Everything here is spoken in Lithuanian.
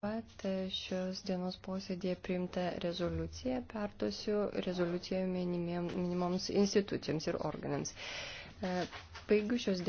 pat e, šios dienos posėdėje priimta rezoliucija, perduosiu rezoliucijoje minimoms institucijoms ir organams. E, baigiu šios dienos.